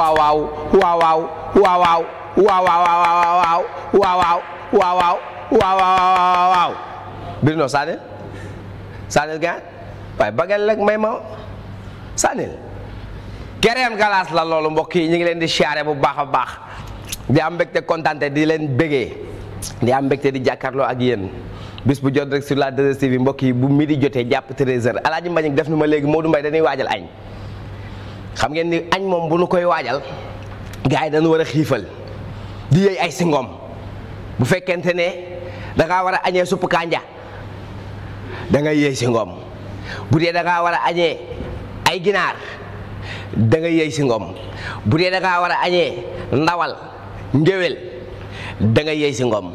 waaw waaw waaw waaw waaw waaw waaw waaw waaw waaw waaw waaw Bruno Sané Sané gaan waaye bagal rek may ma Sané kereen galaas la loolu mbokk yi ñu ngi leen di siyaare bu baax a baax di am mbégte kontaante di leen bégee di am mbégte di jàkkaarloo ak yéen bis bu jot rek sur la 2STV mbokk yi bu midi jotee jàpp 13h Alaaji Mbañ def na ma léegi Modou Mbaye dañuy waajal añ xam ngeen ni añ moom bu nu koy waajal gars yi dañu war a xiifal di yëy ay ngoom bu fekkente ne da war a añee supp kànja da nga yëy singom bu dee da war a añee ay ginaar da nga yëy singom bu dee da war a añee ndawal ngéwél da nga si singom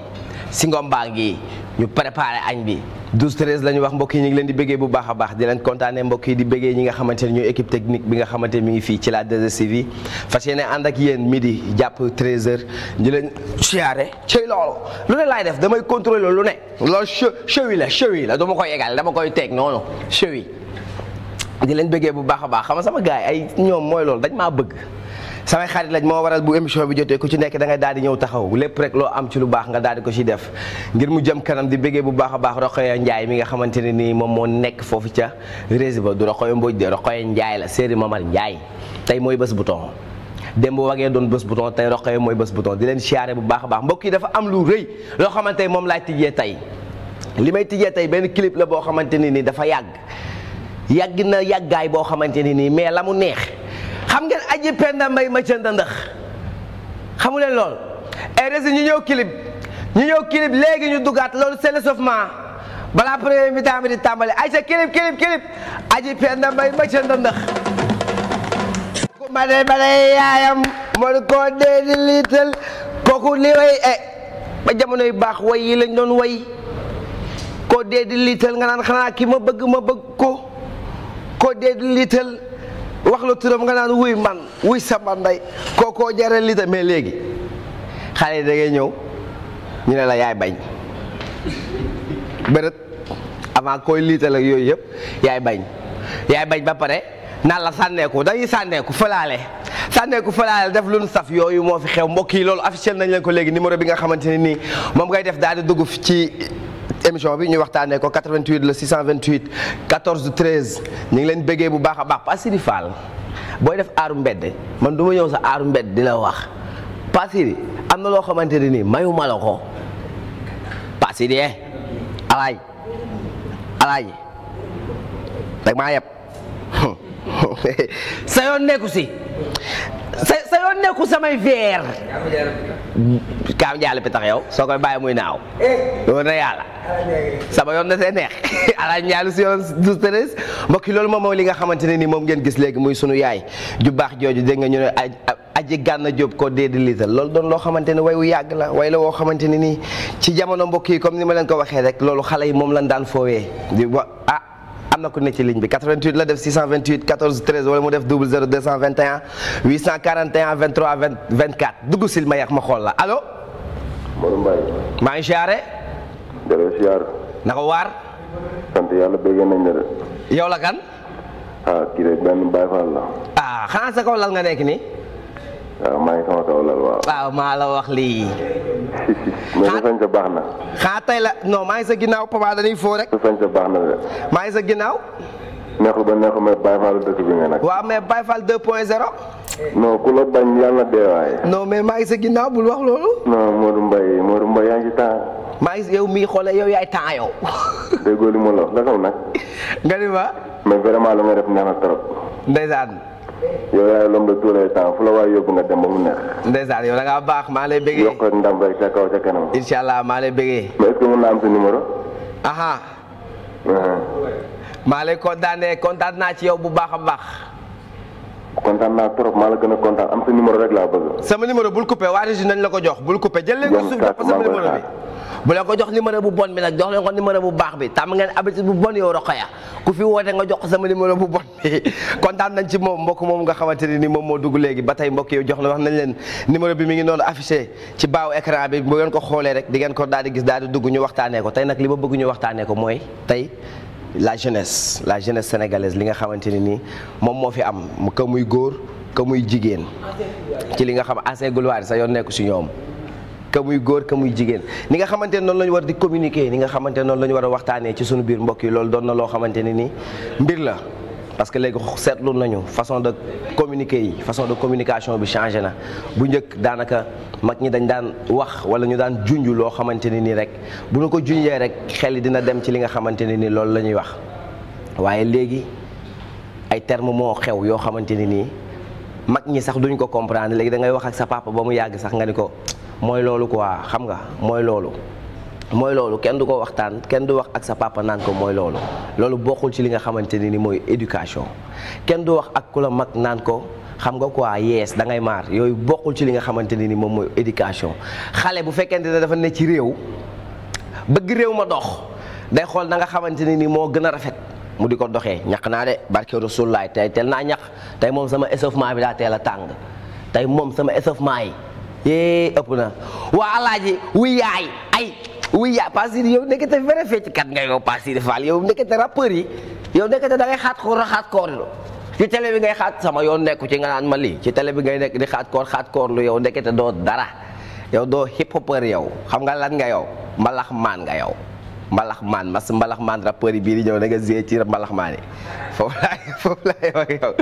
si ngom baa ngi ñu préparé añ bi 12 13 la ñu wax mbokk yi ñu ngi leen di bëggee bu baax a baax di leen kontaanee mbokk yi di bëggee ñi nga xamante ne ñooy équipe technique bi nga xamante mi ngi fii ci a 2STV fas yéene ànd ak yéen midi jàpp 13h di leen siyaare ci loolu lu ne laay def damay contrôler lu ne loolu che chewi la chewi la dama koy yegal dama koy teeg noonu chewi di leen bëggee bu baax a baax xam nga sama gars yi ay ñoom mooy loolu dañ maa bëgg. samay xarit lañ moo a bu émission bi jotee ku ci nekk da ngay daal ñëw taxaw lépp rek loo am ci lu baax nga daal di ko ci def ngir mu jëm kanam di bëggee bu baax a baax Rokhaya Ndiaye mi nga xamante ne nii moom moo nekk foofu ca rési ba du Rokhaya Mbodj de Rokhaya Ndiaye la Serigne Momar Ndiaye tey mooy bés bouton démb wagee doon bés bouton tey Rokhaya mooy bés bouton di leen siyaare bu baax a baax yi dafa am lu rëy loo xamante ne moom laay tijjee tey li may tijjee tey benn clip la boo xamante ne nii dafa yàgg yàgg na yàggaay boo xamante ne nii mais la mu neex xam ngeen aji penda mbay ma cënda ndax xamu leen lool et resi ñu ñëw clip ñu ñëw clip léegi ñu duggaat loolu c'est l'échauffement balaa premier mi tàmbali ay sa clip clip clip aji penda mbay ma cënda ndax ku ma de kooku e, ba jamono yu baax way yi lañ doon way koo dee di liital nga naan xanaa ki ma bëgg ma bëgg ko koo dee di wax la turam nga naan wuy man wuy sama koo koo jare li mais léegi xale yi ñëw ñu ne la yaay bañ bërët avant kooy liital ak yooyu yëpp yaay bañ yaay bañ ba pare naan la sànneeku dañuy sànneeku fëlaale sànneeku fëlaale def lu nu saf yooyu moo fi xew mbokk yi loolu officiel nañ leen ko léegi numéro bi nga xamante ne nii moom ngay def daal di dugg ci émission bi ñu waxtaanee ko 88 le 628 14 13 ñu ngi leen bëggee bu baax a baax Passiri Fall booy def aaru mbedd man du ma ñëw sa aaru mbedd di la wax Passiri am na loo xamante ne nii mayu ma la ko Passiri eh alaay alaay rek maa yeb sa yoon nekku si sa sa yoon nekku samay veer kaam jaale bi tax yow soo koy bàyyi muy naaw loolu na yàlla sama yoon na see neex alaaj njaalu si yoon douze treize mbokki loolu moom mooy li nga xamante ne ni moom ngeen gis léegi muy sunu yaay ju baax jooju dégg nga ñu ne aji gànna jóob ko déedi liital loolu doon loo xamante ne wayu yàgg la way la woo xamante ne nii ci jamono mbokk yi comme ni ma leen ko waxee rek loolu xale yi moom lañ daan foowee di ah am na ku ne ci ligne bi 88 la def 628 14 13 wala mu def 00 221 841 23 20 24 dugg sil ma yeex ma xool la allo. Modou Mbaye. maa ngi siyaare. jërëjëf siyaar. na ko waar. sant yàlla bëggee nañ la de. yow la kan. ah kii benn Baye Fall la. ah xanaa sa kaw lal nga nekk nii. waaw maa ngi sama kaw lal waaw. maa la wax lii. mais sa sañ sa baax na. xaa tey la non maa ngi sa ginnaaw papa dañuy foo rek. sa sañ sa baax na de. maa ngi sa ginnaaw. neexul ba neexul mais Baye Fall dëkk bi nga nag. waaw mais Baye Fall 2 point 0. non ku la bañ yàlla dee waaye. non mais maa ngi sa ginnaaw bul wax loolu. non Modou Mbaye Modou Mbaye yaa ngi ci maa ngi yow mii xoolee yow yaay temps yow. déggoo li ma la wax nga nag. nga ni ma. mais vraiment li nga def neex na trop. ndeysaan. yow yaay l'homme de tous les temps fu la waay yóbbu nga dem ba mu neex. ndeysaan yow da ngaa baax maa lay bëggee yokk ndam rek ca kaw ca kanam. incha allah maa lay bëggee. am sa numéro. aha. Uh-huh. maa lay kontaanee kontaan naa ci yow bu baax a baax. kontaan naa trop maa la gën a kontaan am sa numéro rek laa bëgg. sama numéro bul coupé waa Régis nañ la ko jox bul coupé jël leen ko suuf dafa sama numéro bi. bu leen ko jox numéro bu bon bi nag jox leen ko numéro bu baax bi tam ngeen habitude bu bon yow Rokhaya ku fi woote nga jox ko sama numéro bu bon bi kontaan nañ ci moom mbokk moom nga xamante ne ni moom moo dugg léegi ba mbokk yow jox la wax nañ leen numéro bi mi ngi noonu affiché ci baaw écran bi bu ko xoolee di ngeen ko daal di gis dugg ñu waxtaanee ko tey nag li ma bëgg ñu waxtaanee ko mooy tey la jeunesse la jeunesse sénégalaise li nga xamante ne nii moom moo fi am ka muy góor ka muy jigéen ci li nga xam assez gloire sax yoon nekku si ñoom ka muy góor ka muy jigéen ni nga xamante ne noonu la war di communiquer ni nga xamante ne noonu la war a waxtaanee ci suñu biir mbokk loolu doon loo xamante ne ni mbir la parce que léegi seetlu nañu façon de communiquer yi façon de communication bi changé na bu njëkk daanaka mag ñi dañ daan wax wala ñu daan junj loo xamante ne nii rek bu ñu ko junjee rek xel yi dina dem ci li nga xamante ne ni loolu la ñuy wax waaye léegi ay terme moo xew yoo xamante ne nii mag ñi sax duñ ko comprendre léegi da ngay wax ak sa papa ba mu yàgg sax nga ni ko mooy loolu quoi xam nga mooy loolu. mooy loolu kenn du ko waxtaan kenn du wax ak sa papa naan ko mooy loolu loolu bokkul ci li nga xamante ni ni mooy éducation kenn du wax ak ku mag naan ko xam nga quoi yees da ngay maar yooyu bokkul ci li nga xamante ni ni moom mooy éducation xale bu fekkente ne dafa ne ci réew bëgg réew ma dox day xool na nga xamante ni ni moo gën a rafet mu di ko doxee ñaq naa de barke Rasulullaay tey teel naa ñax tey moom sama échauffement bi daa teel a tàng tey moom sama échauffement yi yee ëpp na waa alaaji wu yaay ay wu yaay Pasir yow nekkate vrai fecckat nga yow Pasir Fall yow nekkate rappeur yi yow nekkate da ngay xaat koor a xaat koorlu ci télé bi ngay xaat sama yoon nekku ci nga naan ma lii ci télé bi ngay nekk di xaat koor xaat koorlu yow nekkate doo dara yow doo hip hopeur yow xam nga lan nga yow mbalax maan nga yow mbalax maan mas mbalax maan rappeur yi bii di ñëw ci mbalax foofu laay foofu laay wax yow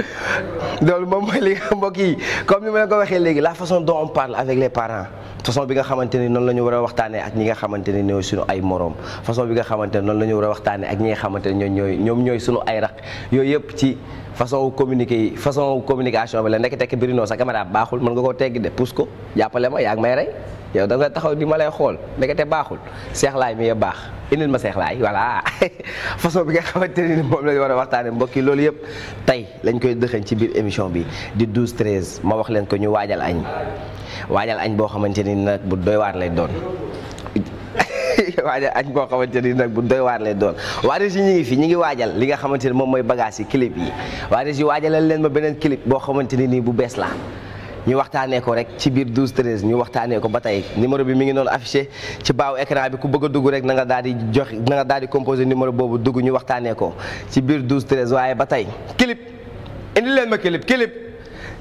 loolu moom mooy li nga mbokk yi comme ni ma leen ko waxee léegi la façon doom on parle avec les parents façon bi nga xamante ni noonu la ñu war a waxtaanee ak ñi nga xamante ni ñooy suñu ay moroom façon bi nga xamante ni noonu la ñu war a waxtaanee ak ñi nga xamante ni ñooy ñooy ñoom ñooy suñu ay raq yooyu yëpp ci façon communiqué façon communication bi la nekk tekk birino sa caméra baaxul mën nga koo teggi de pousse ko jàppale ma yaa ngi may rey yow da taxaw di ma lay xool nekkate baaxul seexlaay mi ya baax indil ma seexlaay voilà façon bi nga xamante ni moom lañ war a waxtaane mbokk yi loolu yëpp tey lañ koy dëxañ ci biir émission bi di 12 13 ma wax leen ko ñu waajal añ waajal añ boo xamante ni nag bu doy waar lay doon waajal añ boo xamante ni nag bu doy waar lay doon waaris yi ñu ngi fi ñu ngi waajal li nga xamante moom mooy bagage yi clip yi waaris yi leen ma beneen clip boo xamante ni nii bu bees la ñu waxtaanee ko rek ci biir 12 13 ñu waxtaanee ko ba tey numéro bi mi ngi noonu affiché ci baaw écran bi ku na nga daal di joxe na daal di composé numéro boobu dugg ñu waxtaanee ko ci biir 12 13 waaye ba tey clip indi leen ma clip clip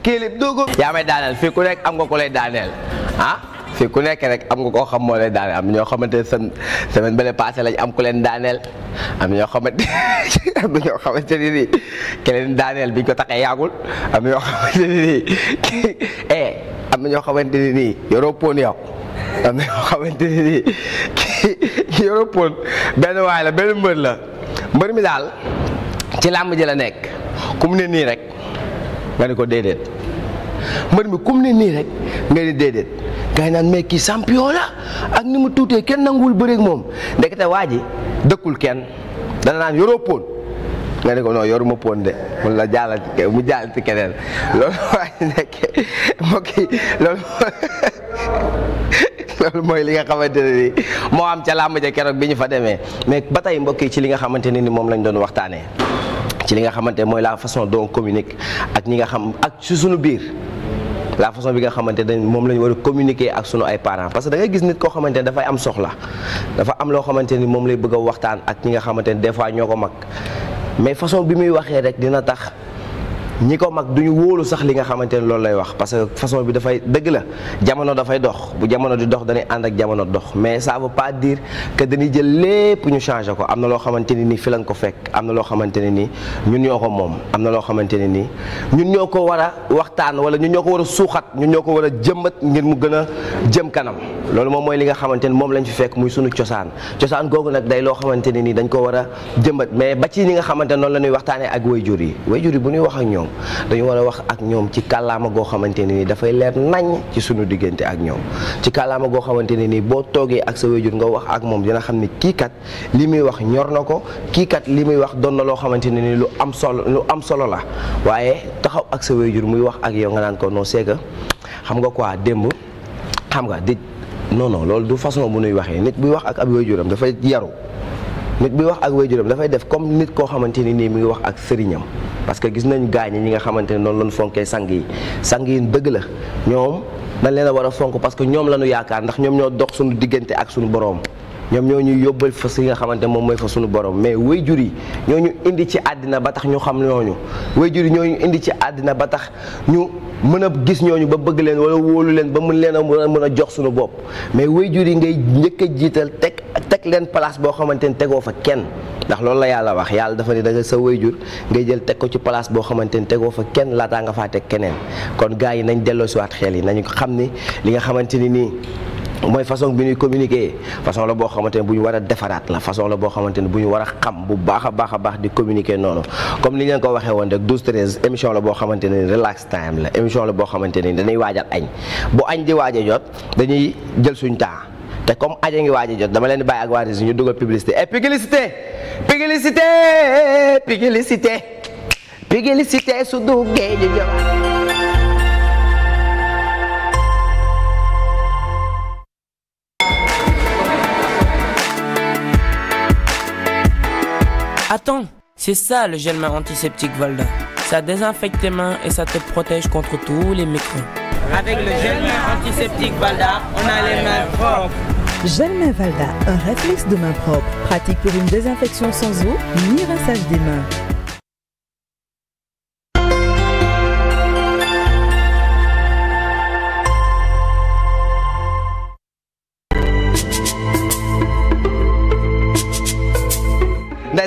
clip dugg yaa may daaneel fii ku nekk am nga ko lay daaneel ah fii ku nekk rek am nga koo xam moo lay daaneel am ñoo xamante ne seen semaine bële passé lañ am ku leen daaneel am ñoo xamante am ñoo ni daaneel bi ko taxee yaagul am ñoo xamante ni nii eh am ñoo xamante ni nii yoroo poon yow am na ñoo xamante ni nii ki yoroo poon benn waay la benn mbër la mbër mi daal ci làmb ji la nekk ku mu ne nii rek nga ne ko déedéet. mbër mi comme nii rek nga ni déedéet ngay naan mais kii champion ak ni mu tuutee kenn nanguwul bëreeg moom ndekete waa ji dëkkul kenn dana naan yoroo poon nga ne ko non yoruma poon de mun la jàllal ci mu jàll ci keneen loolu mooy li nga xamante ne ni moo am ca làmb ja keroog ñu fa demee mais ba tey mbokk yi ci li nga xamante ne ni moom lañ doon waxtaanee. ci li nga xamante mooy la façon dont on communique ak ñi nga xam ak ci suñu biir la façon bi nga xamante dañ moom la ñu war a communiquer ak suñu ay parents parce que da ngay gis nit koo xamante ne dafay am soxla dafa am loo xamante ni moom lay bëgg a waxtaan ak ñi nga xamante ne des fois ñoo ko mag mais façon bi muy waxee rek dina tax. ñi ko mag du ñu wóolu sax li nga xamante ne loolu lay wax parce que façon bi dafay dëgg la jamono dafay dox bu jamono di dox dañuy ànd ak jamono dox mais ça veut pas dire que dañuy jël lépp ñu changé ko am na loo xamante ne nii fi lañ ko fekk am na loo xamante ne nii ñun ñoo ko moom am na loo xamante ne nii ñun ñoo ko war a waxtaan wala ñun ñoo ko war a suuxat ñun ñoo ko war a jëmbat ngir mu gën a jëm kanam loolu moom mooy li nga xamante ne moom lañ fi fekk muy sunu cosaan cosaan googu nag day loo xamante ne nii dañ ko war a jëmbat mais ba ci ñi nga xamante ne noonu la ñuy waxtaanee ak wayjur yi wayjur yi bu ñuy wax ak ñoom dañu war a wax ak ñoom ci kàllaama goo xamante ne ni dafay leer nañ ci suñu diggante ak ñoom ci kàllaama goo xamante ne ni boo toogee ak sa wéjur nga wax ak moom dina xam ne kii kat li muy wax ñor na ko kiikat li muy wax doon na loo xamante ne ni lu am solo lu am solo la waaye taxaw ak sa wéjur muy wax ak yow nga naan ko non c'est xam nga quoi démb xam nga di non loolu du façon bu nuy waxee nit buy wax ak ab wéjuram dafay yaru nit bi wax ak waajuram dafay def comme nit koo xamante ni nii mi ngi wax ak sëriñam parce que gis nañu gaañ ñi nga xamante ne noonu lañu fonkee sang yi sang yi dëgg la ñoom na leen a war fonk parce que ñoom la ñu yaakaar ndax ñoom ñoo dox suñu diggante ak suñu boroom ñoom ñoo ñu yóbbal fa si nga xamante moom mooy fa suñu borom mais jur yi ñoo ñu indi ci àddina ba tax ñu xam ñooñu jur yi ñoo ñu indi ci àddina ba tax ñu mën a gis ñooñu ba bëgg leen wala wóolu leen ba mën leen a mën a jox suñu bopp mais waajur yi ngay njëkk a jiital teg teg leen place boo xamante ni tegoo fa kenn ndax loolu la yàlla wax yàlla dafa ne da sa way jur ngay jël teg ko ci place boo xamante ni tegoo fa kenn laataa nga faa teg keneen kon gars yi nañ delloosiwaat xel yi nañu xam ni li nga xamante ni nii mooy façon bi ñuy communiquer façon la boo xamante ne bu ñu war a defaraat la façon la boo xamante ne bu ñu war a xam bu baax a baax a baax di communiquer noonu comme ni leen ko waxee woon rek 12 13 émission la boo xamante ne relax time la émission la boo xamante ne dañuy waajal añ bu añ di waaj jot dañuy jël suñ temps te comme aja ngi waaj jot dama leen di bàyyi ak waa Régis ñu dugal publicité et eh, publicité publicité publicité publicité su duggee ñu ñëwaat. Attends, c'est ça le gel antiseptique Valda. Ça désinfecte les mains et ça te protège contre tous les microbes. Avec le gel antiseptique Valda, on a les mains propres. Gel Valda, un réflexe de main propre, pratique pour une désinfection sans eau, ni rinçage des mains.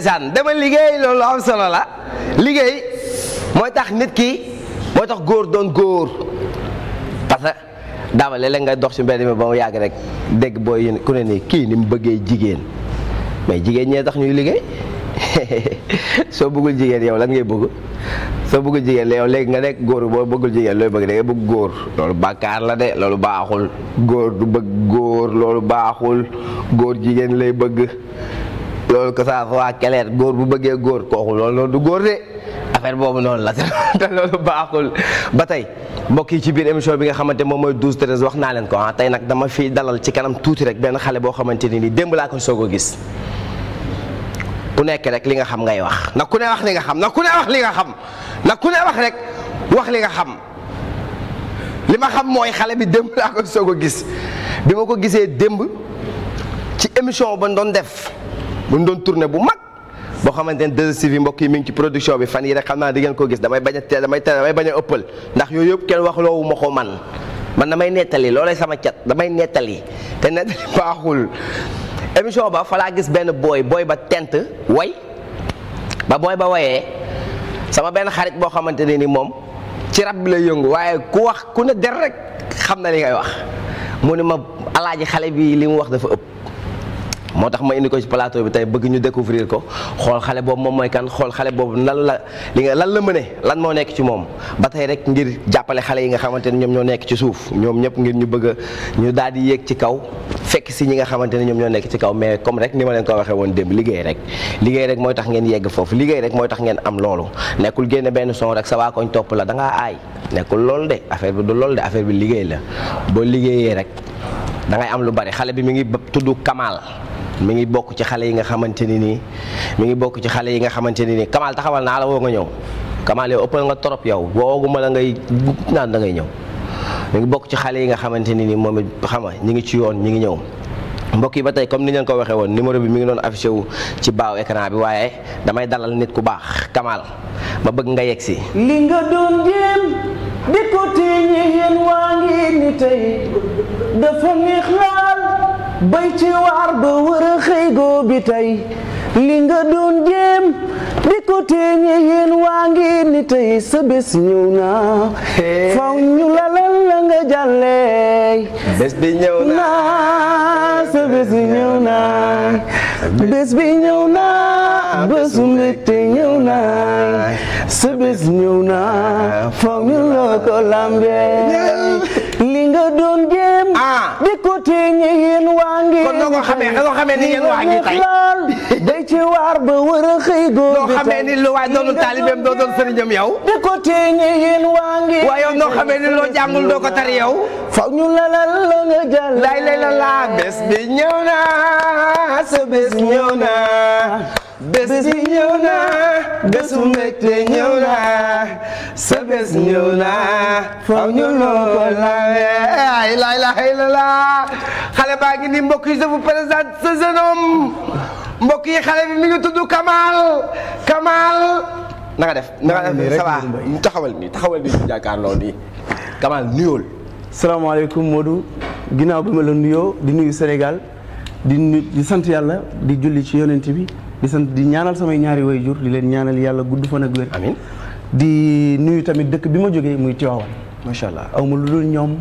ndeysaan dama liggéey loolu am solo la liggéey mooy tax nit ki mooy tax góor doon góor parce que dama léeg nga dox si mbedd mi ba mu yàgg rek dégg booy ku ne nii kii ni mu bëggee jigéen mais jigéen ñee tax ñuy liggéey soo bëggul jigéen yow lan ngay bëgg soo bëggul jigéen yow léegi nga nekk góor boo bëggul jigéen looy bëgg da bëgg góor loolu la de loolu baaxul góor du bëgg góor loolu baaxul góor jigéen lay bëgg loolu ko ça soit keleer góor bu bëggee góor kooku loolu noonu du góor de affaire boobu noonu la te loolu baaxul ba tey mbokk yi ci biir émission bi nga xamante moom mooy 12 13 wax naa leen ko ah tey nag dama fi dalal ci kanam tuuti rek benn xale boo xamante ni nii démb laa ko soog a gis ku rek li nga xam ngay wax na ku ne wax nga xam na ku ne wax li nga xam na ku ne wax rek nga xam li ma xam mooy xale bi démb laa ko soog a gis bi ma ko gisee démb ci émission ba doon def. bu ñu doon tournée bu mag boo xamante ne 2STV mbokk yi mi ngi ci production bi fan yi rek xam naa di ngeen ko gis damay bañ a teel damay teel damay bañ a ëppal ndax yooyu yëpp kenn wax loowu ma ko man man damay nettali loolay sama cat damay nettali te nettali baaxul ba fa gis benn booy booy ba tent way booy ba wayee sama benn xarit boo xamante ne ni moom ci rab bi lay yëngu waaye ku wax ku ne der rek xam na li ngay wax mu ne ma alaaji xale bi li mu wax dafa ëpp moo tax ma indi ko ci plateau bi tey bëgg ñu découvrir ko xool xale boobu moom mooy kan xool xale boobu lan la li nga lan la mëne lan moo nekk ci moom ba tey rek ngir jàppale xale yi nga xamante ne ñoom ñoo nekk ci suuf ñoom ñëpp ngir ñu bëgg ñu daal di yéeg ci kaw fekk si ñi nga xamante ne ñoom ñoo nekk ci kaw mais comme rek ni ma leen ko waxee woon démb liggéey rek liggéey rek mooy tax ngeen yegg foofu liggéey rek mooy tax ngeen am loolu nekkul génne benn son rek sa koñ topp la da aay nekkul loolu de affaire bi du loolu de affaire bi liggéey la boo liggéeyee rek da am lu bari xale bi mi ngi tudd Kamal mi ngi bokk ci xale yi nga xamante ni nii mu ngi bokk ci xale yi nga xamante ni nii Kamal taxawal naa la woo nga ñëw Kamal yow ëppal nga torop yow wooguma la ngay naan da ngay ñëw mi ngi bokk ci xale yi nga xamante ni nii moom it xam nga ñi ngi ci yoon ñi ngi ñëw mbokk yi ba tey comme ni leen ko waxee woon numéro bi mi ngi doon affiché wu ci baaw écran bi waaye damay dalal nit ku baax Kamal ma bëgg nga yegg si. li nga doon jéem di ko téye yéen waa bay ci war a xëy goo bi tey li nga doon jéem di ko téeñe yéen waa ngi ni tey sa bés ñëw na faw ñu lalal la nga jàlleey bés bi ñëw na sa bés bi ñëw na bés bi ñëw na bésu mbégte ñëw na sa bés ñëw na faw ñu la ko doon jéem di ko téeñe yéen waa ngi kon noo ko xamee noo ko xamee ni yéen waa ngi tey lool day ci waar ba war a xëy noo xamee ni lu waay doonu taalibeem doo doon sëriñam yow di ko téeñe yéen waa ngi waaye yow noo xamee ni loo jàngul doo ko tari faw ñu lalal la nga jàll lay lay la laa bés bi ñëw na sa bés ñëw na bés bi ñëw na bésu mbégte ñëw na sa bés ñëw na faw ñu loo ko baa ngi ni mbokk yi je vous présente ce jeune homme yi xale bi mi ngi Kamal Kamal na nga def na nga def ça va taxawal nii taxawal nii ñu jàkkaarloo nii Kamal nuyool salaamaaleykum Modou ginnaaw bi ma la nuyoo di nuyu Sénégal di sant yàlla di julli ci yonent bi di sant di ñaanal samay ñaari waajur di leen ñaanal yàlla gudd fan ak wér. di nuyu tamit dëkk bi ma jógee muy Tivaouane. macha allah aw ma lu dul ñoom.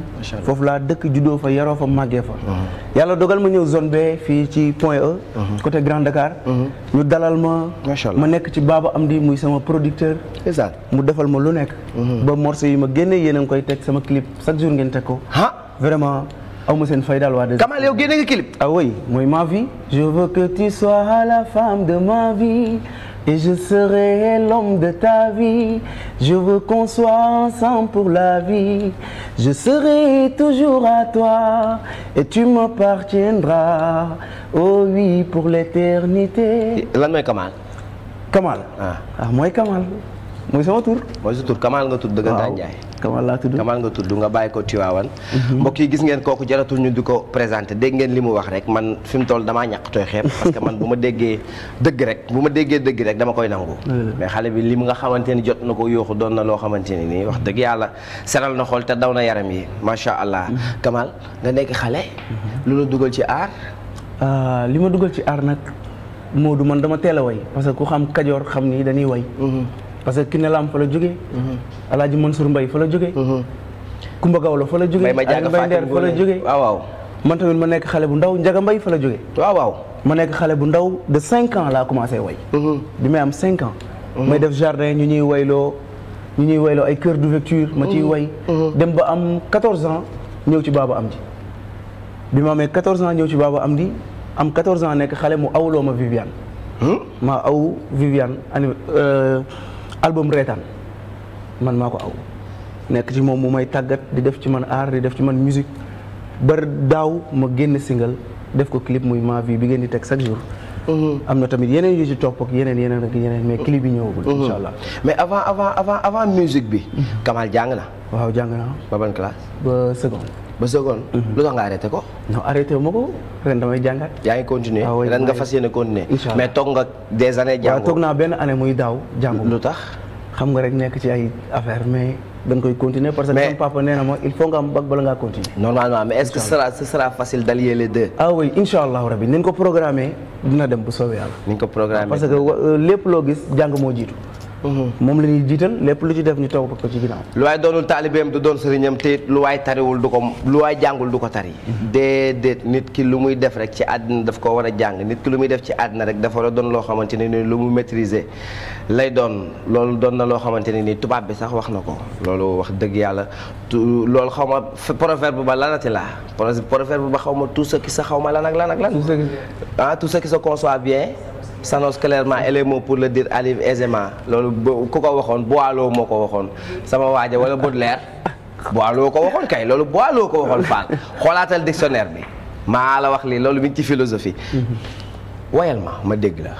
foofu laa dëkk juddoo fa yaroo fa màggee fa. Mhm. yàlla dogal ma ñëw zone B fii ci point E. Mhm. côté Grand Dakar. Mhm. ñu dalal ma. ma nekk ci am di muy sama producteur. exact mu defal ma lu nekk. ba morceau yi ma génnee yéen a ngi koy teg sama clip chaque jour ngeen teg ko. ah aw ma seen fay daal waa. Kamal yow génne nga ah mooy ma vie. je veux que tu sois la femme de ma vie. et je serai l'homme de ta vie. je veux qu'on soit ensemble pour la vie. je serai toujours à toi. et tu m'appartiendras. oh oui pour l'éternité. lan mooy Kamal. Kamal ah. Ah, mooy Kamal. mooy mooy sa tur Kamal nga tur dëggantaan Njaay. Kamal laa tudd Kamal nga tudd nga bàyyi ko Tiwaawan mbokk yi gis ngeen kooku jaratul di ko présenté dégg ngeen li mu wax rek man fi toll damaa ñàq tooy xeeb man bu ma déggee dëgg rek bu rek dama koy nangu mais xale bi li mu nga xamante ni jot na ko yooxu doon na loo xamante ni nii wax dëgg yàlla seral na xool te daw na yaram yi macha allah Kamal nga nekk xale mhm. lu la dugal ci aar ah, li ma dugal ci aar nag Modou man dama teel a way parce que ku xam kajoor xam ni dañuy way mhm. parce que ki Lam fa la jógee. Mm-hmm. Alaaji Mansour Mbaye fa la jógee. Kumba mm-hmm. Gawlo fa la jógee. Mbaye Mbaye Nder fa la jógee waaw waaw. man ma nekk xale bu ndaw Njaga Mbaye fa la jógee. waaw waaw ma nekk xale bu ndaw de cinq ans laa commencé way. Mm-hmm. bi may am cinq ans. may def jardin ñu ñuy wayloo ñu ñuy wayloo ay cœur d'ouverture ma ciy way. dem ba am quatorze ans ñëw ci Baba am bi ma amee quatorze ans ñëw ci Baba Amdi am quatorze ans nekk xale mu awloo ma Viviane. Hmm? ma aw Viviane euh, album reetaan man maa ko aw nekk ci moom mu may tàggat di def ci man art di def ci man musique ba daaw ma génn single def ko clip muy ma vie bi ngeen di teg chaque jour. Mhm. am na tamit yeneen yu ci topp ak yeneen yeneen ak yeneen mais clip yi ñëwagul. Mhm. incha allah mais avant avant avant avant musique bi. Mhm. Kamal jàng na. waaw jàng na. ba ban classe. ba seconde. ba seconde. Mhm. lu tax nga arrêté ko. non arrêté wu ma ko ren damay jàngat. yaa ngi continuer ah ren nga fas yéene continuer. mais toog nga des années. jàngoo waaw toog naa benn année muy jàngu. tax. xam nga rek nekk ci ay affaire mais. dañ koy continuer parce que sama papa na ma il faut nga am bac bala ngaa continuer. normalement mais est-ce que ce sera ce sera facile d'allier les deux. ah oui incha allahu rabi nañ ko programmer dina dem bu soobee yàlla. parce que euh, lépp loo gis jàng moo jiitu. moom la ñuy jiital lépp lu ci def ñu toog ko ci ginnaaw lu waay doonul taalibeem du doon sëriñam te lu waay tariwul du ko lu waay jàngul du ko tari mhm. déedéet nit ki lu muy def rek ci àddina daf ko war a jàng nit ki lu muy def ci àddina rek dafa war doon loo xamante ne ni lu mu maîtriser lay doon loolu doon na loo xamante ne ni tubaab bi sax wax na ko loolu wax dëgg yàlla loolu xaw ma proverbe ba lanati la proverbe ba xaw ma tout ce qui sa xaw ma lan ak lan ak s'annonce clairement et les mots pour le dire arrivent aisément loolu ku ko waxoon Boileau moo ko waxoon sama waaja wala Baudelaire Boileau ko waxoon kay loolu Boileau ko waxoon Fall xoolaatal dictionnaire bi maa la wax lii loolu mi ngi ci philosophie wayal ma ma dégg la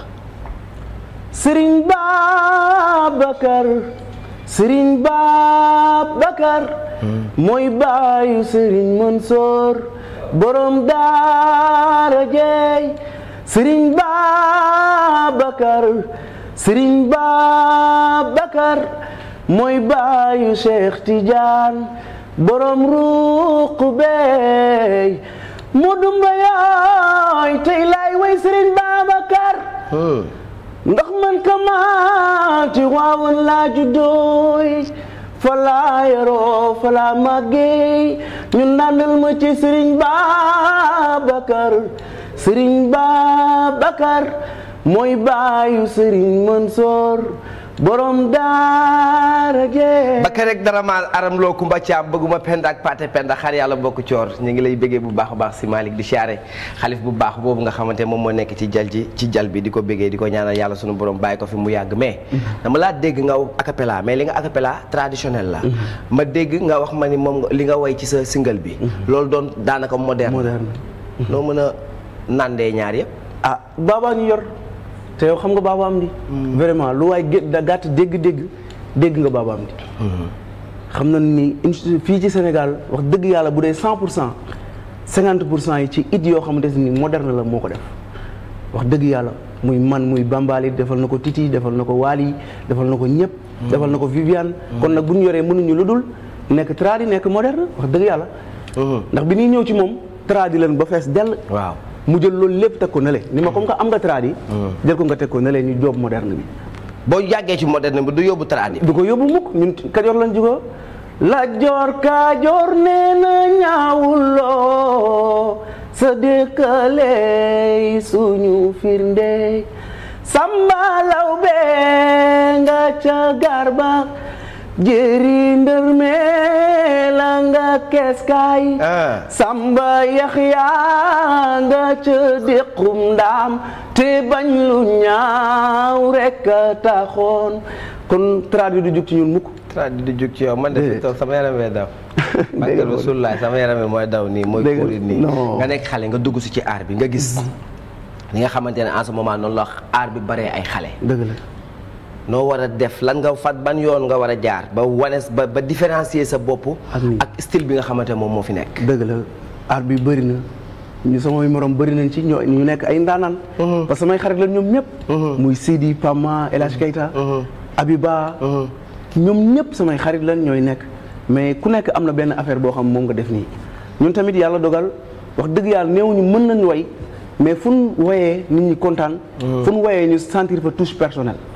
Sëriñ Babacar Sëriñ Babacar mooy baayu Sëriñ Mansoor borom daara jeey Serigne Babacar Serigne Babacar mooy baayu Cheikh Tidiane borom ruqubey mu dumba yaay tey laay way Serigne Babacar ndax man kamaati waawoon laa juddooy fala yaroo fala màggee ñu nandal ma ci Serigne Babacar sëriñ Babacar mooy baayu sëriñ Mansoor borom daara jee ba rek dara maal aram loo kumba caam bëgguma penda ak pate penda xar yàlla bokk coor ñu ngi lay bëggee bu baax baax si Malick di siyaare xalif bu baax boobu nga xamante moom moo nekk ci jal ji ci jal bi di ko béggee di ko ñaanal yàlla sunu borom bàyyi ko fi mu yàgg mais mhm. dama laa dégg nga acapella mais li nga acapella traditionnel la mhm. ma dégg nga wax ma ni moom li nga woy ci sa single bi mhm. loolu doon daanaka moderne loo mën a nandee ñaar yëpp. ah baabaa ñu yor te yow xam nga baabaa am di. Mm. vraiment lu waay da gàtt dégg-dégg dégg nga baabaa am di. Mm-hmm. xam na ni fii ci Sénégal wax dëgg yàlla bu dee cent pour cent cinquante pour cent yi ci it yoo xamante ni moderne la moo ko def wax dëgg yàlla muy man muy bambali defal na ko Titi defal na ko Wali defal na ko ñëpp. Mm. defal na ko Viviane. Mm. kon nag bu ñu yoree mënuñu lu dul nekk tradi nekk moderne wax dëgg yàlla. Mm-hmm. ndax bi ñuy ñëw ci moom tradi leen ba fees dell. waaw. mu jël loolu lépp teg ko na ni ma comme que am nga trad yi hmm. jël ko nga teg ko na le ñu joob moderne boo yàggee ci moderne bi du yóbbu trad yi du ko yóbbu mukk ñun kajoor lañ jugoo la joor kajoor nee na ñaawuloo sa dëkkale suñu firnde samba law be nga ca garba jirindar mela nga keskay ah. samba yaxya nga ca diqum ndaam te bañ lu ñaaw rek taxoon kon traduit du jug ci ñun mukk traduit di jug ci yow man de fi toog sama yaram wee daw sama yaram mooy daw nii mooy kurit nii nga nekk xale nga dugg si ci aar bi nga gis mm-hmm. li nga xamante ne en ce moment noonu la aar bi baree ay xale dëgg la noo war a def lan nga fat ban yoon nga war a jaar ba wanes ba ba différencier sa bopp ak style bi nga xamante moom moo fi nekk dëgg la aar bi bëri na ñu samay morom bëri nañ ci ñoo ñu nekk ay ndaanaan mhm. parce que may xarit ñoom ñëpp mhm. muy Sidi Pama El Hadj mhm. Keita Abiba ñoom ñëpp samay xarit lan ñooy nekk mais ku nekk am na benn affaire boo xam moom nga def nii ñun tamit yàlla dogal wax dëgg yàlla néew ñu mën nañ way mais fu ñu woyee nit ñi kontaan fu ñu woyee ñu sentir fa touche personnelle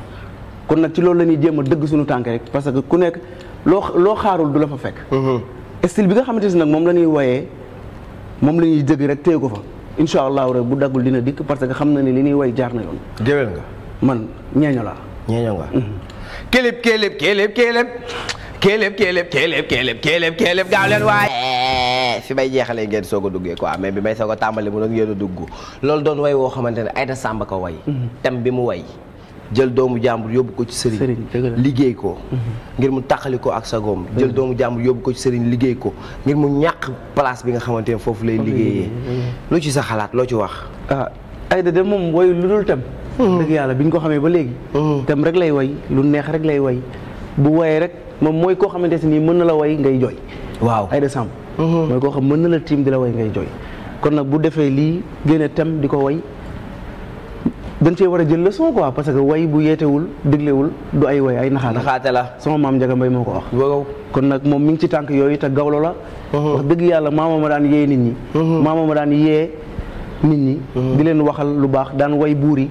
kon nag ci loolu la ñuy jéem a dëgg suñu tànk rek parce que ku nekk loo loo xaarul du la fa fekk. Mm-hmm. style bi nga xamante ne nag moom la ñuy woyee moom la ñuy dëgg rek téye ko fa incha allahu rek bu daggul dina dikk parce que xam na ne li ñuy woy jaar na yoon. géwél nga. man ñeeño la ñeeño nga. kilib kilib kilib kilib. Mm-hmm. kéléb kéléb kéléb kéléb kéléb kéléb gaaw leen waaye eh, fi may jeexalee ngeen soog a duggee quoi mais bi may soog a tàmbali mu nag yéen a dugg loolu doon way woo xamante ne Aïda Samb ko way mm-hmm. Mhm. Mhm. jël doomu jàmbur yóbbu ko ci sëriñ liggéey ko ngir mu tàqali ko ak sagoom jël doomu jàmbur yóbbu ko ci sëriñ liggéey ko ngir mu ñàq place bi nga xamante ne foofu lay liggéeyee lu mhm. ci sa xalaat loo ci wax ah Aïda de moom woy lu dul tem dëgg yàlla bi ñu ko xamee ba léegi tem rek lay woy lu neex rek lay woy bu woyee rek moom mooy koo xamante ne nii mën na la woy ngay jooy waaw Aïda Samb mooy koo xam mën na la tiim di la woy ngay jooy kon nag bu defee lii génne tem di ko woy dañ cee war a jël leçon quoi parce que way bu yeetewul diglewul du ay way ay naxaate naxaate la sama maam Njaga Mbay moo ko wax kon nag moom mi ngi ci tànk yooyu te gawlo la uh-huh. wax dëgg yàlla maama ma daan yee nit ñi uh-huh. maama ma daan yee nit ñi uh-huh. di leen waxal lu baax daan way buur yi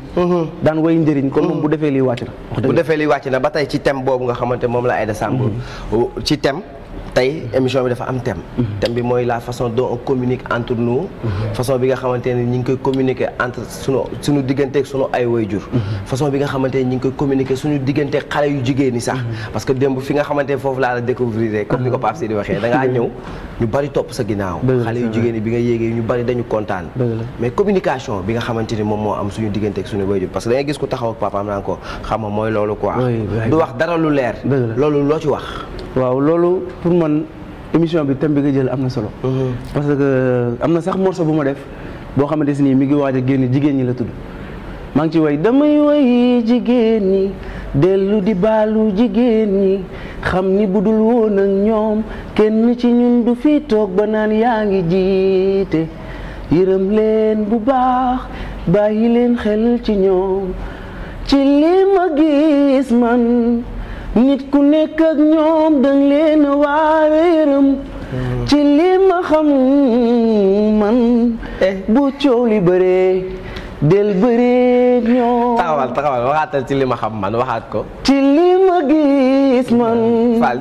daan way njëriñ kon moom bu defee lii wàcc na bu defee lii wàcc na ba tey ci tem boobu nga xamante moom la Aïda Samb ci thème tey émission bi dafa am thème. Mhm. thème bi mooy la façon dont on communique entre nous. Mhm. façon bi nga xamante ne ñu ngi koy communiquer entre sunu sunu digganteeg sunu ay waajur. Mhm. façon bi nga xamante ne ñu ngi koy communiquer suñu digganteeg xale yu jigéen ñi sax. parce que démb fi nga xamante ne foofu laa la découvrir comme ni ko Pape Sidi waxee da ngaa ñëw ñu bari topp sa ginnaaw. xale yu jigéen bi nga yéegee ñu bari dañu kontaan. mais communication bi nga xamante ni moom moo am suñu digganteeg suñu waajur parce que da ngay gis ku taxaw ak papaam naan ko xam nga mooy loolu quoi. du wax dara lu leer. loolu loo ci wax. man émission bi tam bi nga jël am na solo. parce que euh, am na sax morceau bu ma def boo xamante si nii mi ngi waaj génn jigéen ñi la tudd. maa ngi ci way damay way jigéen ñi dellu di baalu jigéen ñi xam ni bu dul woon ak ñoom kenn ci ñun du fi toog ba naan yaa ngi jiite yërëm leen bu baax bàyyi leen xel ci ñoom ci li ma gis man. nit ku nekk ak ñoom dang leen waar yërëm ci li ma xam man eh. bu coow li bëree del bëree ñoom taxawal taxawal waxaatal ci li ma xam man waxaat ko ci li ma gis man faal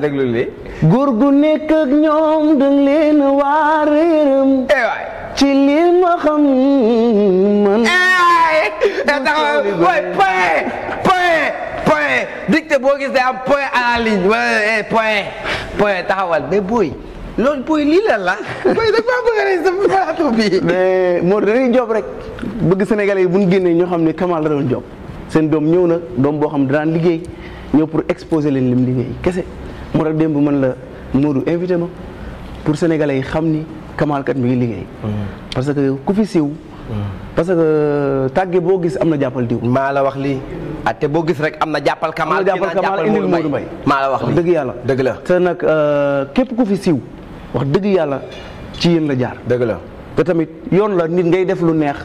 gu nekk ñoom dang leen waar yërëm eh ci ma xam man eh taxawal paye paye point dictée boo gis day am point à la ligne wala eh, taxawal de booy loolu booy lii la la booy da maa bëgg rek sama plateau bi. mais Mor job rek bëgg Sénégalais yi bu ñu génnee ñoo xam ne Kamal la doon job seen doom ñëw na doom boo xam danaan liggéey ñëw pour exposer leen lim liggéey kese moo tax démb man la Modou invité ma pour sénégalais yi xam ni Kamal kat mi ngi liggéey. Mm. parce que ku fi parce que tàgge boo gis am na jàppal diw. maa la wax lii. ate boo gis rek am na jàppal Kamal. am na jàppal Kamal indil Modou Mbaye maa la wax dëgg yàlla. dëgg la te nag euh, képp ku fi siiw wax dëgg yàlla ci yéen la jaar. dëgg la te tamit yoon la nit ngay def lu neex.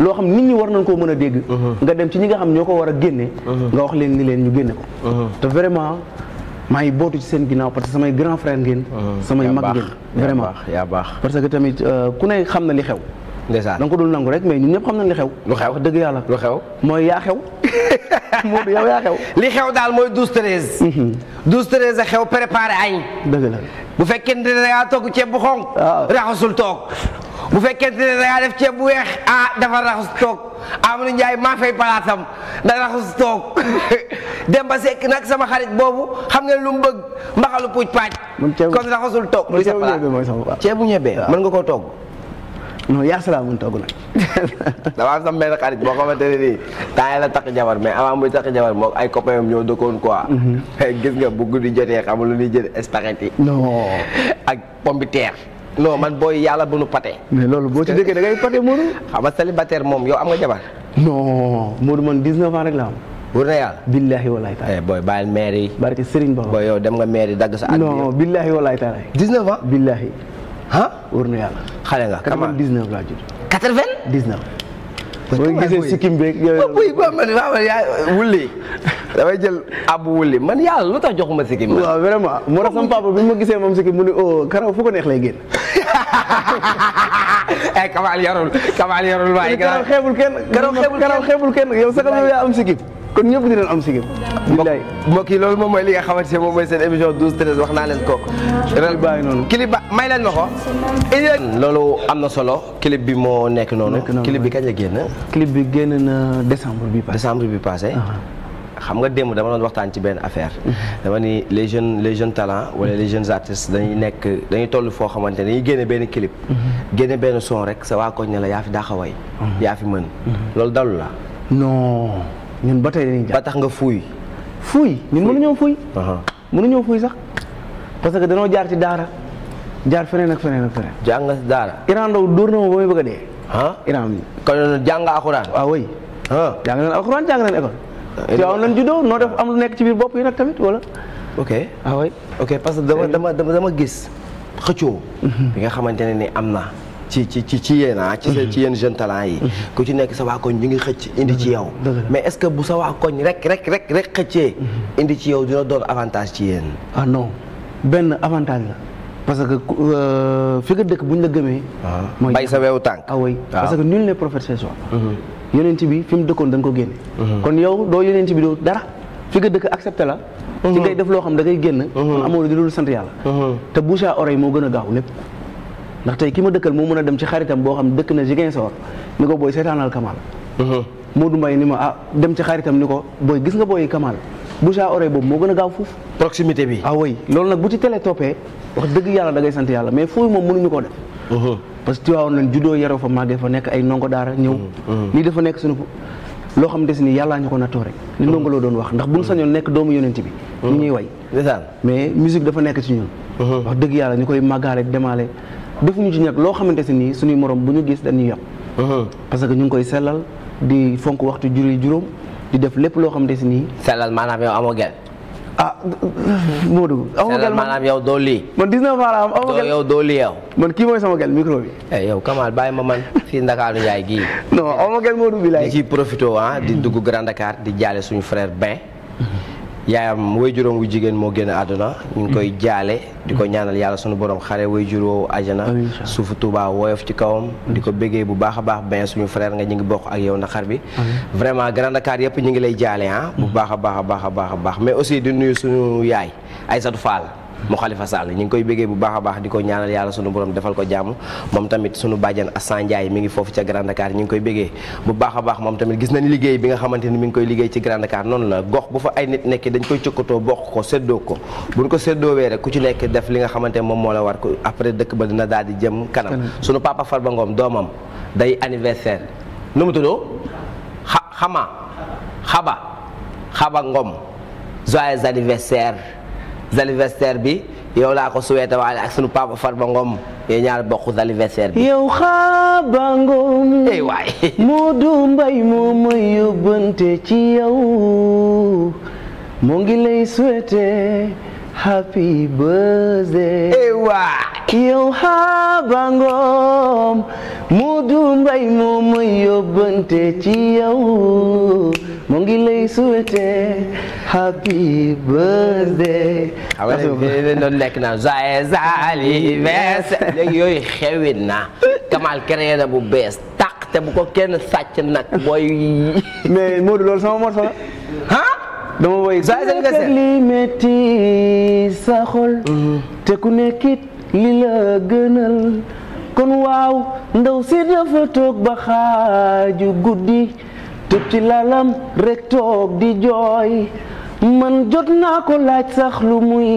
loo xam nit ñi war nañ koo mën a dégg. Mhm. nga dem ci ñi nga xam ñoo ko war a génne. Mhm. nga wax leen ni leen ñu génne ko. Mhm. te vraiment maa ngi bootu ci seen ginnaaw parce que samay grand frère ngeen. samay mag ngeen yaa baax parce que tamit euh, ku ne xam na li xew. da nga ko dul nangu rek mais ñun ñëpp xam nañ li xew lu xew dëgg yàlla lu xew mooy yaa xew Modou yow yaa xew li xew daal mooy douze treize mhm. douze treize a xew préparé añ dëgg la bu fekkente ne da ceeb bu xonq raxasul toog bu fekkente ne def ceeb bu weex ah dafa raxas toog Amadou Ndiaye maa fay palaatam da raxas toog dem ba sekk nag sama xarit boobu xam nga lu mu bëgg mbaxalu puuj paaj kon raxasul toog ceeb bu ñebee mën nga koo togg non yaa salaa mun togg nag. damaa am sama benn xarit boo xamante ne nii temps la takk jabar mais avant muy takk jabar moom ay copain am ñoo dëkkoon mhm. lu ñuy jël spaghetti. non ak pomme de terre. non man booy yàlla bu nu pate. mais lool boo ci dëkkee da ngay pate Modou. xam nga célibataire moom yow am nga jabar. non Modou man 19 ans rek la am. wër na billahi walaay taala. Eh, booy bàyyil maire yi. barke Serigne Ba. booy yow dem nga maire yi dagg sa. at non billahi walaay taala. 19 ans billahi. ah wóor na yàlla. xale nga kaman 99 laa judd. 99. boo gisee sikkim beeg yooyu waaw man yaa wulli damay jël abu wulli man yàlla lu tax joxuma sikkim. waaw vraiment moo tax sama papa bi ma gisee moom sikkim mu ne oh karaw fu ko neex lay génn. ay eh, kamal yarul kamal yarul waaye. karaw xeebul kenn karaw xeebul kenn yow sax yaa am sikkim. kon ñëpp dinañ am sigim billaay mbokk yi loolu moom mooy li nga xamante ne moom mooy seen émission 12 13 wax naa leen ko ren bàyyi noonu clip ba may leen ma ko hmm, loolu am na solo clip bi moo nekk noonu clip bi kañ la génn clip bi génn na décembre bi passé décembre bi passé ah ah. xam nga démb dama doon waxtaan ci benn affaire mm-hmm. dama ni les jeunes les jeunes talents wala le jeunes artistes dañuy nekk dañuy toll foo xamante ne dañuy génne benn clip mm-hmm. génne benn son rek sa waa koñ ne la yaa fi daaxaway mm-hmm. yaa fi mën loolu dalu la non ñun ba tey dañuy jàpp ba tax nga fuuy. fuuy ñun mënuñoo fuuy. mënuñoo fuuy sax parce que danoo jaar ci daara jaar feneen ak feneen ak feneen. jaar nga daara. Iran Ndao dóor na ma ba may bëgg a dee. Iran kon jàng alxuraan. waaw ah, oui. ah nañ alxuraan jàng juddoo noo def am nekk ci biir bopp yi nag tamit wala. ok ah oui. ok parce que dama gis xëccoo. Mhm. bi nga xamante ne ni am na. ci ci a ci yéen ah. ci seen ci yéen jeune talent yi. ku ci nekk sa waa koñ ñu xëcc indi ci yow. mais est bu sa waa koñ rek rek rek rek mhm. indi ci yow dina doon avantage ci yéen. Ah benn avantage la. parce que euh, fi nga dëkk bu ñu la gëmee. Ah. mooy bay sa weewu tànk. ah oui ah. parce que nul n'est prophète chez soi. Mhm. yonent bi dëkkoon da ko génne. Mhm. kon yow doo yonent bi doo dara fi dëkk accepté la. ci ngay def loo xam da ngay génn. kon amoo lu dul sant yàlla. te bouche à moo gën a gaaw lépp. ndax tey ki ma dëkkal moo mën a dem ci xaritam boo xam dëkk na Ziguinchor ni ko booy seetaanal Kamal. Uh-huh. Modou Mbaye ni ma ah dem ci xaritam ni ko booy gis nga booy Kamal bouche à oreille boobu moo gën a gaaw fuuf. proximité bi. ah oui loolu nag bu ci télé toppee wax dëgg yàlla da ngay sant yàlla mais foofu moom mënuñu koo def. Uh-huh. parce que Tivaouane lañ juddoo yaroo fa màggee fa nekk ay ndongo daara ñëw. Uh-huh. lii dafa nekk suñu loo xam des ni yàllaa ñu ko nattoo rek. li doon wax ndax buñ sañoon nekk doomu yonent bi. ñu ñuy way mais musique dafa nekk ci ñun. wax dëgg defuñu ci nag loo xamante si nii suñuy moroom bu ñu gis dañuy yàq uh-huh. parce que ñu ngi koy sellal di fonk waxtu juri juróom di def lépp loo xamante si nii sellal maanaam yow amoo gel ah yow doo lii man dix-neuf ans la am amoo bi eh yow Kamal bàyyi ma man di profité ah di dugg Grand Dakar di jaale suñu frère Ben yaayam way juróom wu jigéen moo génn àdduna ñu ngi koy mm. jaale di ko ñaanal yàlla sunu borom xare way juróo ajana suufu Tuuba woyof ci kawam mm. di ko béggee bu baax a baax benn suñu frère nga ñu ngi bokk ak yow naqar bi vraiment Grand Dakar yëpp ñu ngi lay jaale ah bu mm. baax a baax a baax a baax a baax mais aussi di nuyu suñu yaay ay Aïssatou Fall mu xalifa Sall ñu ngi koy béggee bu baax a baax di ko ñaanal yàlla sunu borom defal ko jàmm moom tamit sunu bàjjan a Ndiaye mi ngi foofu ca Grand Dakar ñu ngi koy béggee bu baax a baax moom tamit gis nañ liggéey bi nga xamante ni mi ngi koy liggéey ci Grand Dakar noonu la gox bu fa ay nit nekkee dañ koy cëkkatoo bokk ko séddoo ko buñ ko séddoowee rek ku ci nekk def li nga xamante ne moom moo la war ko après dëkk ba dina daal di jëm kanam sunu papa Farba Ngom doomam day anniversaire nu mu tuddoo xama xaba xaba Ngom joyeux anniversaire bi yow laa ko souhaité waale ak sunu papa Farba Ngom yéen ñaar bokk anniversaire bi. yow Xaaba Ngom. eh waay. Modou ci yow mu ngi lay souhaité eh yóbbante ci yow. mu ngi lay souhaiter happy birthday. xam nga dañu doon nekk naan joyeux yooyu xewit na Kamal créé bu bees tàq te bu ko kenn sàcc nag booy. mais Modou loolu sama morso la. ah. dama woy joyeux anniversaire li metti sa xol. Mm-hmm. te ku nekkit li la gënal. kon waaw ndaw si dafa toog ba xaaju guddi. tëb ci lalam rek toog di jooy man jot naa ko laaj sax lu muy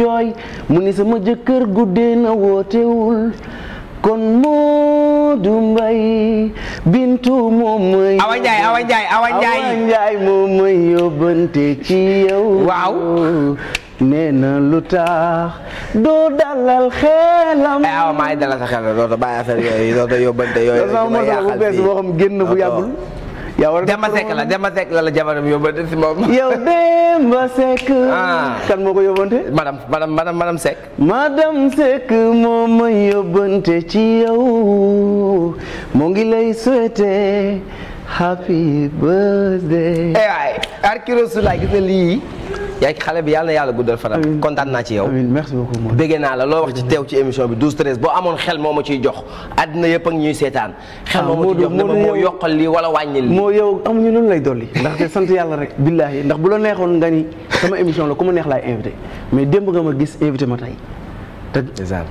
jooy mu ni sama jëkkër guddee na wootewul kon Moodu Mbay Bintu moom mooy. Awa Njaay Awa Njaay Awa Njaay Awa Njaay moom mooy yóbbante ci yow. waaw. nee na lu tax doo dalal xelam. ay awa maa ngi dalal sa xel dootoo bàyyi affaire yooyu dootoo yóbbante yooyu. dafa am mos a bu bees boo xam génn bu yàggul. yaa war Demba Seck la Demba Seck la la jabaram yóbbante si moom. yow Demba Seck. kan moo ko yóbbante. madame madame madame madame Seck. madame yóbbante ci yow moo ngi lay souhaiter happy birthday. eh waay Arkiro Sulaay gis nga lii. yaay xale bi yàlla yàlla guddal fanam. amiin kontaan naa ci yow. amiin merci beaucoup moom bëggee naa la loo wax ci teew ci émission bi 12 13 boo amoon xel moo ma ciy jox àddina yëpp ak ñuy seetaan. xel moo ma ciy jox ne ma moo yokkal lii wala wàññil lii. moo yow amuñu lu lay dolli. ndaxte sant yàlla rek. billaahi ndax bu la neexoon nga ni sama émission la ku ma neex laay invité mais démb nga ma gis invité ma tey. te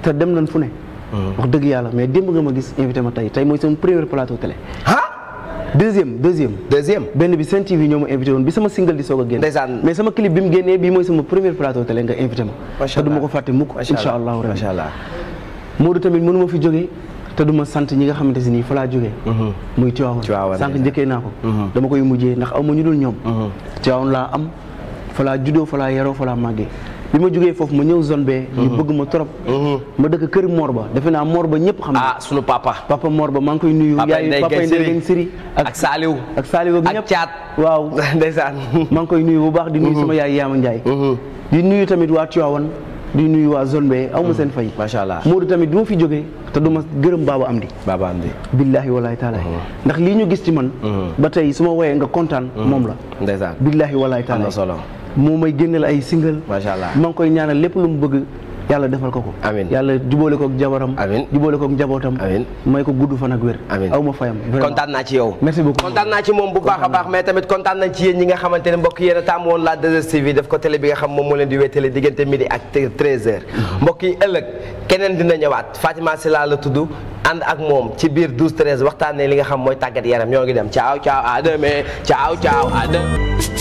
te dem nañ fu ne. Mm. wax dëgg yàlla mais démb nga ma gis invité ma tey tey mooy seen premier plateau télé. deuxième deuxième. deuxième benn bi Sen TV ñoo ma bi sama single di soog a mais sama clip bi mu génnee bii mooy sama premier plateau télé nga invité ma. macha allah te du ma ko fàtte mukk incha allahu rabbi macha allah. tamit mënu fi jógee te du sant ñi nga xamante si nii fa laa jógee. Mhm. muy Tiwaawan sànq njëkkee naa ko. Mhm. dama koy mujjee ndax aw ma ñu dul ñoom. Mhm. Tiwaawan laa am fa laa juddoo fa laa yaroo fa bi ma jógee foofu ma ñëw zone be mhm. ñu bëgg ma trop. Mhm. ma dëkk kër ba defe naa ba ñëpp xam na. ah sunu papa. papa ba maa ngi koy nuyu. yaayu papa Ndeye Geng Siri ak Saliou ak Saliou ak ñëpp ak Thiat waaw ndeysaan maa ngi koy nuyu bu baax di nuyu mhm. sama yaay Yaama Ndiaye. di nuyu tamit waa Tivaouane di nuyu waa zone B aw ma seen fay. macha allah Modou tamit duma fi jógee te du ma gërëm Baba Amdi. Baba Amdi. billaahi walaahi taala ndax lii ñu gis ci man. ba tey su ma woyee nga kontaan. moom la. ndeysaan billaahi walaahi taala am na solo moo may génneel ay single. macha allah maa ngi koy ñaana lépp lu mu bëgg. yàlla defal ko ko amiin yàlla jubóole ko ak jabaram amiin ko ak njabootam amiin may ko gudd fan ak wér amiin ma fayam kontaan naa ci yow merci beaucoup naa ci a baax mais tamit kontaan nañ ci yéen ñi nga xamante ne mbokk yéen a taamu woon la 2STV def ko télé bi nga xam moom moo leen di wéetale diggante midi ak 13 mhm. mbokk yi ëllëg keneen dina ñëwaat Fatima laa la tudd ànd ak moom ci biir 12 13 waxtaanee li nga xam mooy tàggat yaram ñoo ngi dem ciao ciao à demain ciao ciao à